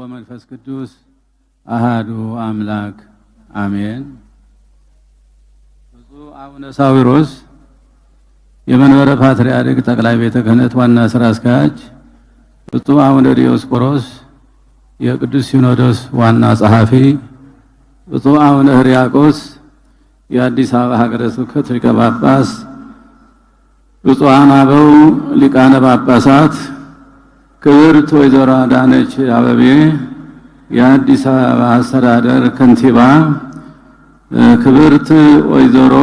ወመንፈስ ቅዱስ አሃዱ አምላክ አሜን። ብፁዕ አቡነ ሳዊሮስ የመንበረ ፓትርያርክ ጠቅላይ ቤተ ክህነት ዋና ስራ አስኪያጅ፣ ብፁዕ አቡነ ዲዮስቆሮስ የቅዱስ ሲኖዶስ ዋና ጸሐፊ፣ ብፁዕ አቡነ ህርያቆስ የአዲስ አበባ ሀገረ ስብከት ሊቀ ጳጳስ፣ ብፁዓን አበው ሊቃነ ጳጳሳት ክብርት ወይዘሮ አዳነች አበቤ የአዲስ አበባ አስተዳደር ከንቲባ፣ ክብርት ወይዘሮ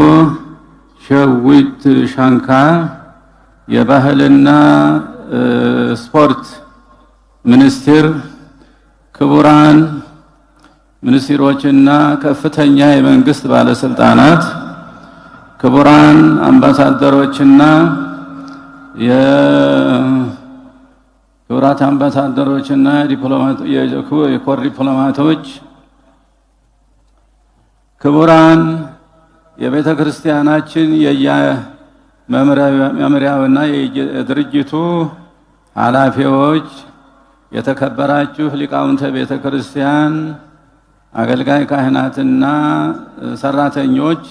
ሸዊት ሻንካ የባህልና ስፖርት ሚኒስትር፣ ክቡራን ሚኒስትሮችና ከፍተኛ የመንግስት ባለስልጣናት፣ ክቡራን አምባሳደሮችና ክቡራት አምባሳደሮችና የኮር ዲፕሎማቶች፣ ክቡራን የቤተ ክርስቲያናችን የየመምሪያውና የድርጅቱ ኃላፊዎች፣ የተከበራችሁ ሊቃውንተ ቤተ ክርስቲያን፣ አገልጋይ ካህናትና ሰራተኞች፣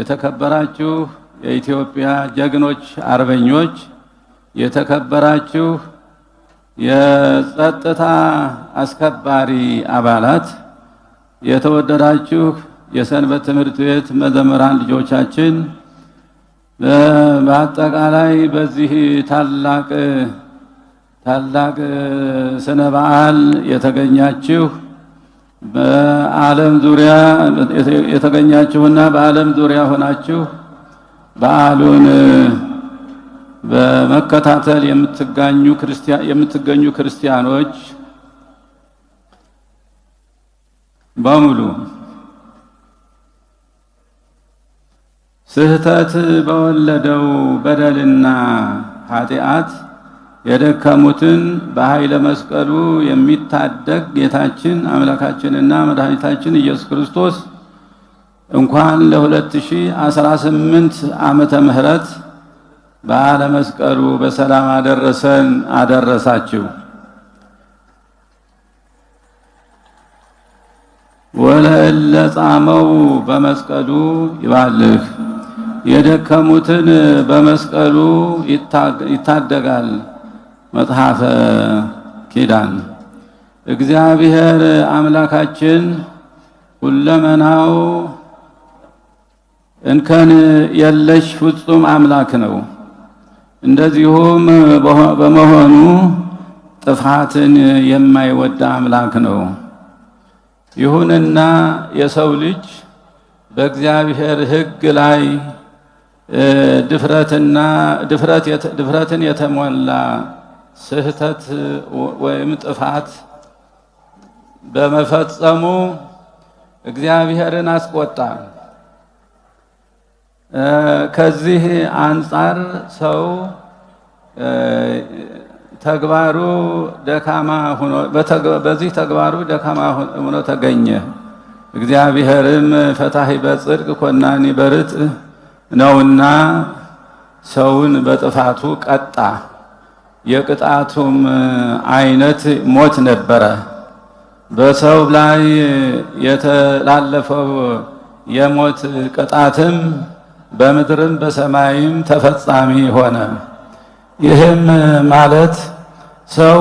የተከበራችሁ የኢትዮጵያ ጀግኖች አርበኞች፣ የተከበራችሁ የጸጥታ አስከባሪ አባላት፣ የተወደዳችሁ የሰንበት ትምህርት ቤት መዘምራን ልጆቻችን፣ በአጠቃላይ በዚህ ታላቅ ታላቅ ስነ በዓል የተገኛችሁ በዓለም ዙሪያ የተገኛችሁና በዓለም ዙሪያ ሆናችሁ በዓሉን በመከታተል የምትገኙ ክርስቲያኖች በሙሉ ስህተት በወለደው በደልና ኃጢአት የደከሙትን በኃይለ መስቀሉ የሚታደግ ጌታችን አምላካችንና መድኃኒታችን ኢየሱስ ክርስቶስ እንኳን ለ2018 ዓመተ ምህረት በዓለ መስቀሉ በሰላም አደረሰን አደረሳችሁ። ወለእለ ጻመው በመስቀሉ ይባልህ የደከሙትን በመስቀሉ ይታደጋል። መጽሐፈ ኪዳን እግዚአብሔር አምላካችን ሁለመናው እንከን የለሽ ፍጹም አምላክ ነው። እንደዚሁም በመሆኑ ጥፋትን የማይወድ አምላክ ነው። ይሁንና የሰው ልጅ በእግዚአብሔር ሕግ ላይ ድፍረትና ድፍረትን የተሞላ ስህተት ወይም ጥፋት በመፈጸሙ እግዚአብሔርን አስቆጣ። ከዚህ አንጻር ሰው ተግባሩ ደካማ ሆኖ በዚህ ተግባሩ ደካማ ሆኖ ተገኘ። እግዚአብሔርም ፈታሂ በጽድቅ ኮናኒ በርጥ ነውና ሰውን በጥፋቱ ቀጣ። የቅጣቱም አይነት ሞት ነበረ። በሰው ላይ የተላለፈው የሞት ቅጣትም በምድርም በሰማይም ተፈጻሚ ሆነ። ይህም ማለት ሰው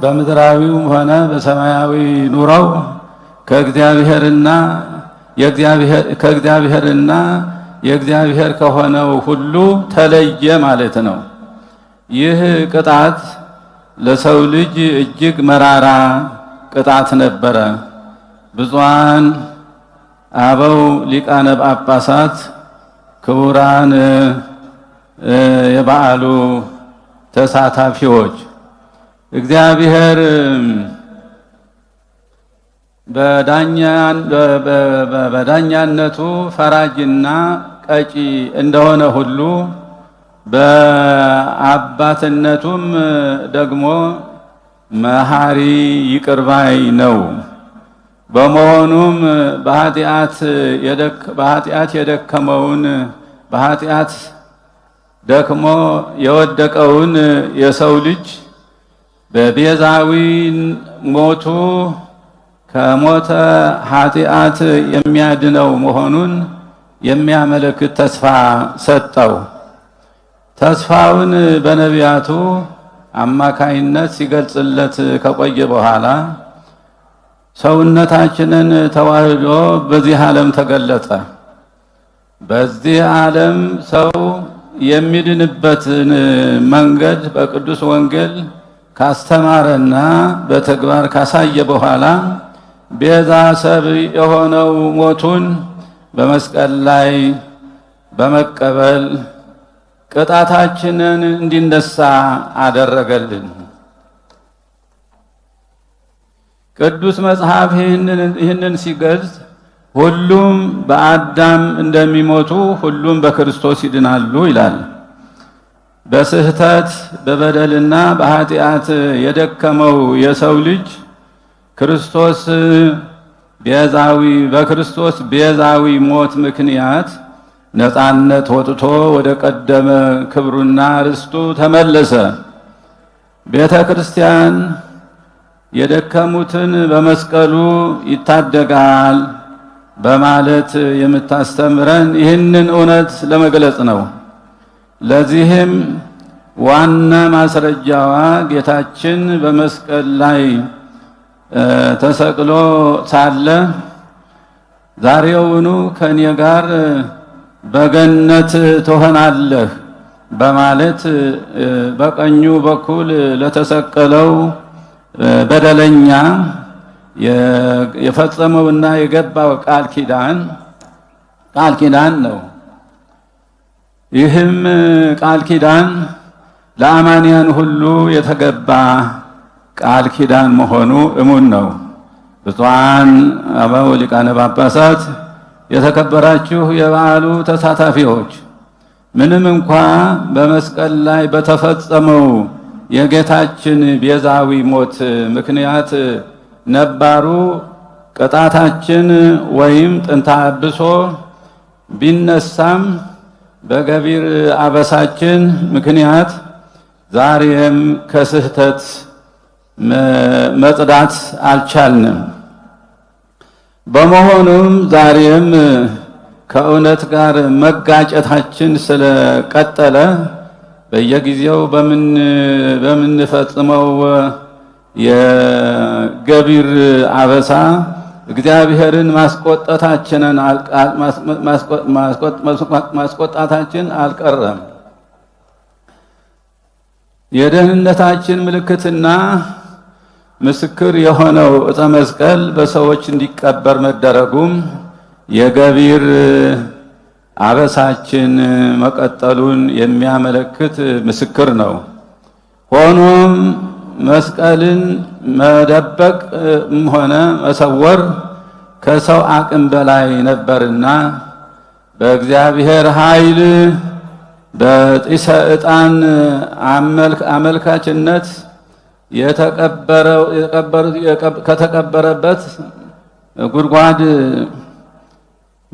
በምድራዊውም ሆነ በሰማያዊ ኑሮው ከእግዚአብሔርና ከእግዚአብሔርና የእግዚአብሔር ከሆነው ሁሉ ተለየ ማለት ነው። ይህ ቅጣት ለሰው ልጅ እጅግ መራራ ቅጣት ነበረ። ብፁዓን አበው ሊቃነ ጳጳሳት ክቡራን የበዓሉ ተሳታፊዎች እግዚአብሔር በዳኛነቱ ፈራጅና ቀጪ እንደሆነ ሁሉ በአባትነቱም ደግሞ መሐሪ ይቅርባይ ነው። በመሆኑም በኃጢአት የደከመውን በኃጢአት ደክሞ የወደቀውን የሰው ልጅ በቤዛዊ ሞቱ ከሞተ ኃጢአት የሚያድነው መሆኑን የሚያመለክት ተስፋ ሰጠው። ተስፋውን በነቢያቱ አማካይነት ሲገልጽለት ከቆየ በኋላ ሰውነታችንን ተዋህዶ በዚህ ዓለም ተገለጠ። በዚህ ዓለም ሰው የሚድንበትን መንገድ በቅዱስ ወንጌል ካስተማረና በተግባር ካሳየ በኋላ ቤዛ ሰብ የሆነው ሞቱን በመስቀል ላይ በመቀበል ቅጣታችንን እንዲነሳ አደረገልን። ቅዱስ መጽሐፍ ይህንን ሲገልጽ ሁሉም በአዳም እንደሚሞቱ ሁሉም በክርስቶስ ይድናሉ ይላል። በስህተት በበደልና በኃጢአት የደከመው የሰው ልጅ ክርስቶስ ቤዛዊ በክርስቶስ ቤዛዊ ሞት ምክንያት ነፃነት ወጥቶ ወደ ቀደመ ክብሩና ርስቱ ተመለሰ። ቤተ ክርስቲያን የደከሙትን በመስቀሉ ይታደጋል በማለት የምታስተምረን ይህንን እውነት ለመግለጽ ነው። ለዚህም ዋና ማስረጃዋ ጌታችን በመስቀል ላይ ተሰቅሎ ሳለ ዛሬውኑ ከእኔ ጋር በገነት ትሆናለህ በማለት በቀኙ በኩል ለተሰቀለው በደለኛ የፈጸመውና የገባው ቃል ኪዳን ቃል ኪዳን ነው። ይህም ቃል ኪዳን ለአማንያን ሁሉ የተገባ ቃል ኪዳን መሆኑ እሙን ነው። ብፁዓን አበው ሊቃነ ጳጳሳት፣ የተከበራችሁ የበዓሉ ተሳታፊዎች ምንም እንኳ በመስቀል ላይ በተፈጸመው የጌታችን ቤዛዊ ሞት ምክንያት ነባሩ ቅጣታችን ወይም ጥንታ አብሶ ቢነሳም በገቢር አበሳችን ምክንያት ዛሬም ከስህተት መጽዳት አልቻልንም። በመሆኑም ዛሬም ከእውነት ጋር መጋጨታችን ስለቀጠለ በየጊዜው በምንፈጽመው የገቢር አበሳ እግዚአብሔርን ማስቆጣታችንን ማስቆጣታችን አልቀረም። የደህንነታችን ምልክትና ምስክር የሆነው ዕፀ መስቀል በሰዎች እንዲቀበር መደረጉም የገቢር አበሳችን መቀጠሉን የሚያመለክት ምስክር ነው። ሆኖም መስቀልን መደበቅም ሆነ መሰወር ከሰው አቅም በላይ ነበርና በእግዚአብሔር ኃይል በጢሰ ዕጣን አመልካችነት ከተቀበረበት ጉድጓድ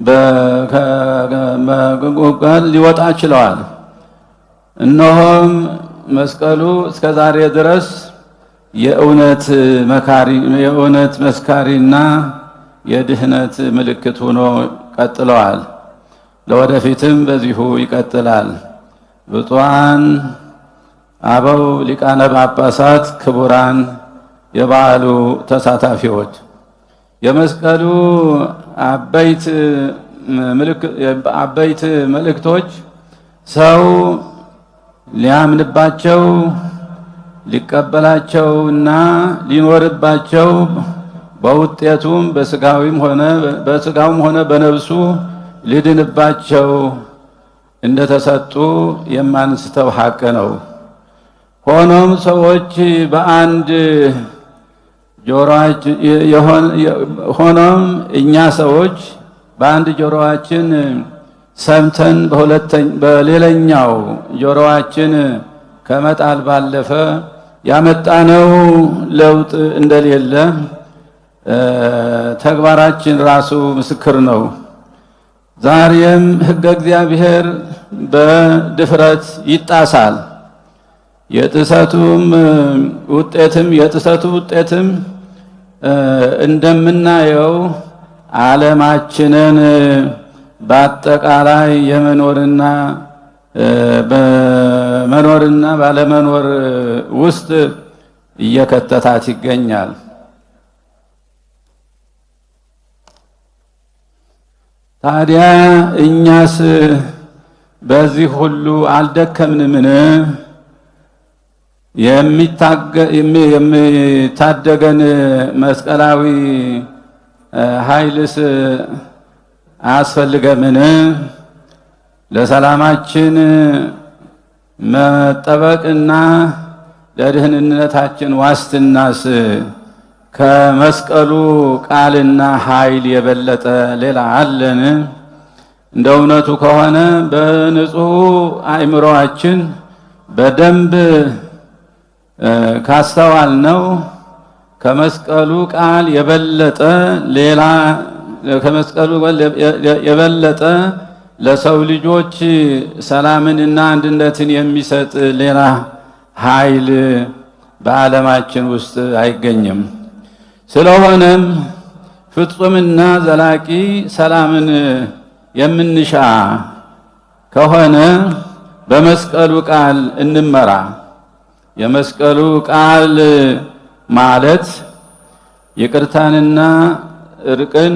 ቃል ሊወጣ ችለዋል። እነሆም መስቀሉ እስከ ዛሬ ድረስ የእውነት መካሪ የእውነት መስካሪና የድህነት ምልክት ሆኖ ቀጥለዋል። ለወደፊትም በዚሁ ይቀጥላል። ብፁዓን አበው ሊቃነ ጳጳሳት፣ ክቡራን የበዓሉ ተሳታፊዎች የመስቀሉ አበይት መልእክቶች ሰው ሊያምንባቸው ሊቀበላቸውና ሊኖርባቸው በውጤቱም በስጋዊም ሆነ በስጋውም ሆነ በነብሱ ሊድንባቸው እንደተሰጡ የማንስተው ሀቅ ነው። ሆኖም ሰዎች በአንድ ሆኖም እኛ ሰዎች በአንድ ጆሮዋችን ሰምተን በሌላኛው ጆሮዋችን ከመጣል ባለፈ ያመጣነው ለውጥ እንደሌለ ተግባራችን ራሱ ምስክር ነው። ዛሬም ሕገ እግዚአብሔር በድፍረት ይጣሳል። የጥሰቱም ውጤትም የጥሰቱ ውጤትም እንደምናየው ዓለማችንን በአጠቃላይ የመኖርና በመኖርና ባለመኖር ውስጥ እየከተታት ይገኛል። ታዲያ እኛስ በዚህ ሁሉ አልደከምንምን? የሚታደገን መስቀላዊ ኃይልስ አያስፈልገምን? ለሰላማችን መጠበቅና ለደህንነታችን ዋስትናስ ከመስቀሉ ቃልና ኃይል የበለጠ ሌላ አለን? እንደ እውነቱ ከሆነ በንጹህ አእምሮአችን በደንብ ካስተዋል ነው ከመስቀሉ ቃል የበለጠ ሌላ ከመስቀሉ የበለጠ ለሰው ልጆች ሰላምንና አንድነትን የሚሰጥ ሌላ ኃይል በዓለማችን ውስጥ አይገኝም። ስለሆነም ፍጹምና ዘላቂ ሰላምን የምንሻ ከሆነ በመስቀሉ ቃል እንመራ። የመስቀሉ ቃል ማለት ይቅርታንና እርቅን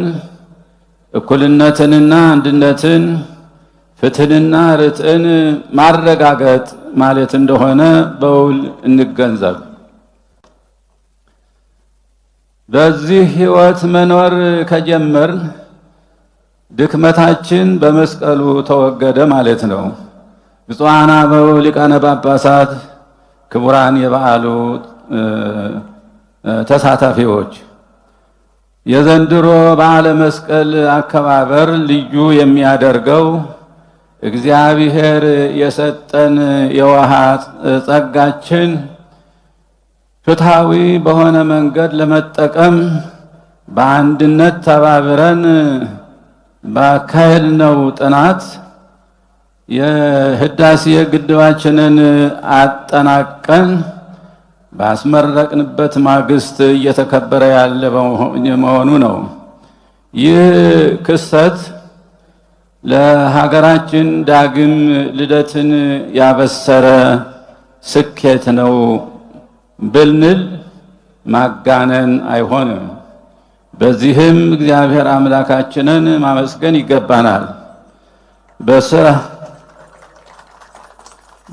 እኩልነትንና አንድነትን ፍትህንና ርትዕን ማረጋገጥ ማለት እንደሆነ በውል እንገንዘብ። በዚህ ህይወት መኖር ከጀመር ድክመታችን በመስቀሉ ተወገደ ማለት ነው። ብፁዓን አበው ሊቃነ ጳጳሳት ክቡራን የበዓሉ ተሳታፊዎች የዘንድሮ በዓለ መስቀል አከባበር ልዩ የሚያደርገው እግዚአብሔር የሰጠን የውሃ ጸጋችን ፍትሐዊ በሆነ መንገድ ለመጠቀም በአንድነት ተባብረን ባካሄድነው ጥናት የህዳሴ ግድባችንን አጠናቀን ባስመረቅንበት ማግስት እየተከበረ ያለ መሆኑ ነው። ይህ ክስተት ለሀገራችን ዳግም ልደትን ያበሰረ ስኬት ነው ብልንል ማጋነን አይሆንም። በዚህም እግዚአብሔር አምላካችንን ማመስገን ይገባናል።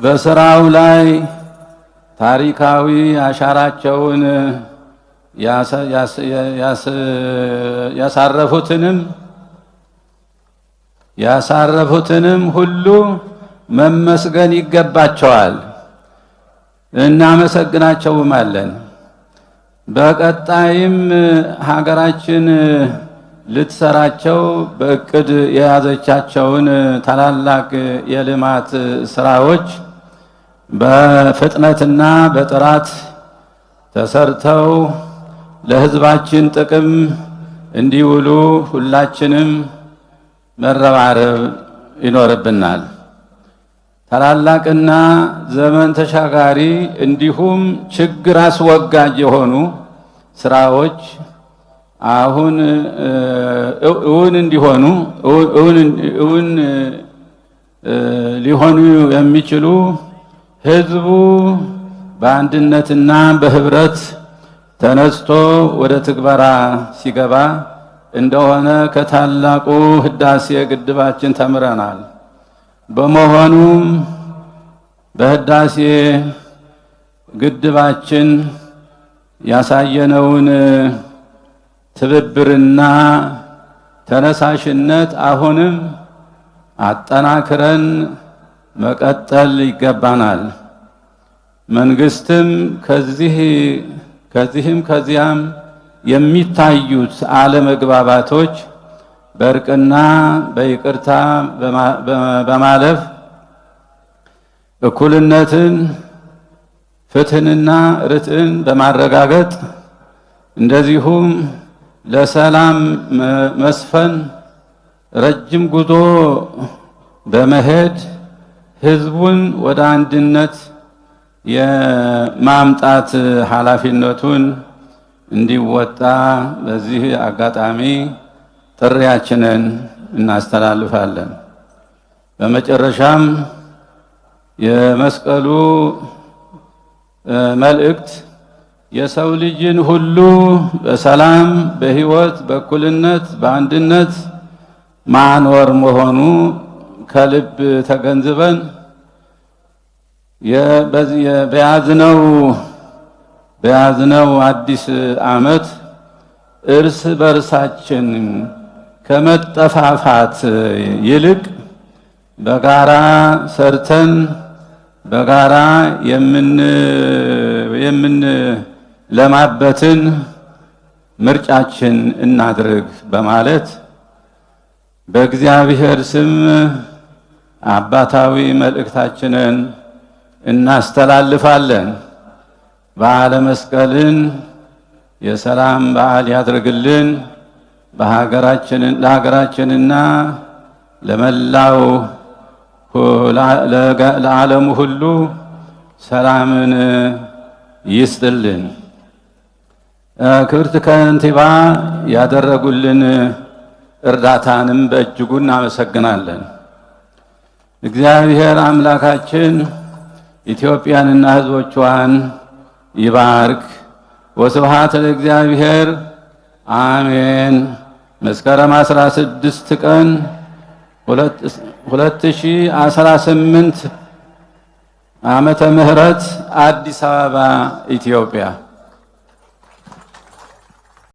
በስራው ላይ ታሪካዊ አሻራቸውን ያሳረፉትንም ያሳረፉትንም ሁሉ መመስገን ይገባቸዋል። እናመሰግናቸውማለን። በቀጣይም ሀገራችን ልትሰራቸው በእቅድ የያዘቻቸውን ታላላቅ የልማት ስራዎች በፍጥነትና በጥራት ተሰርተው ለሕዝባችን ጥቅም እንዲውሉ ሁላችንም መረባረብ ይኖርብናል። ታላላቅና ዘመን ተሻጋሪ እንዲሁም ችግር አስወጋጅ የሆኑ ስራዎች አሁን እውን እንዲሆኑ እውን ሊሆኑ የሚችሉ ህዝቡ በአንድነትና በህብረት ተነስቶ ወደ ትግበራ ሲገባ እንደሆነ ከታላቁ ህዳሴ ግድባችን ተምረናል። በመሆኑም በህዳሴ ግድባችን ያሳየነውን ትብብርና ተነሳሽነት አሁንም አጠናክረን መቀጠል ይገባናል። መንግስትም ከዚህም ከዚያም የሚታዩት አለመግባባቶች በእርቅና በይቅርታ በማለፍ እኩልነትን፣ ፍትህንና ርትዕን በማረጋገጥ እንደዚሁም ለሰላም መስፈን ረጅም ጉዞ በመሄድ ህዝቡን ወደ አንድነት የማምጣት ኃላፊነቱን እንዲወጣ በዚህ አጋጣሚ ጥሪያችንን እናስተላልፋለን። በመጨረሻም የመስቀሉ መልእክት የሰው ልጅን ሁሉ በሰላም በህይወት በእኩልነት፣ በአንድነት ማኖር መሆኑ ከልብ ተገንዝበን በያዝነው በያዝነው አዲስ ዓመት እርስ በርሳችን ከመጠፋፋት ይልቅ በጋራ ሰርተን በጋራ የምንለማበትን ምርጫችን እናድርግ በማለት በእግዚአብሔር ስም አባታዊ መልእክታችንን እናስተላልፋለን። በዓለ መስቀልን የሰላም በዓል ያድርግልን። ለሀገራችንና ለመላው ለዓለሙ ሁሉ ሰላምን ይስጥልን። ክብርት ከንቲባ ያደረጉልን እርዳታንም በእጅጉ እናመሰግናለን። እግዚአብሔር አምላካችን ኢትዮጵያንና ሕዝቦቿን ይባርክ። ወስብሃት ለእግዚአብሔር አሜን። መስከረም 16 ቀን 2018 ዓመተ ምህረት አዲስ አበባ ኢትዮጵያ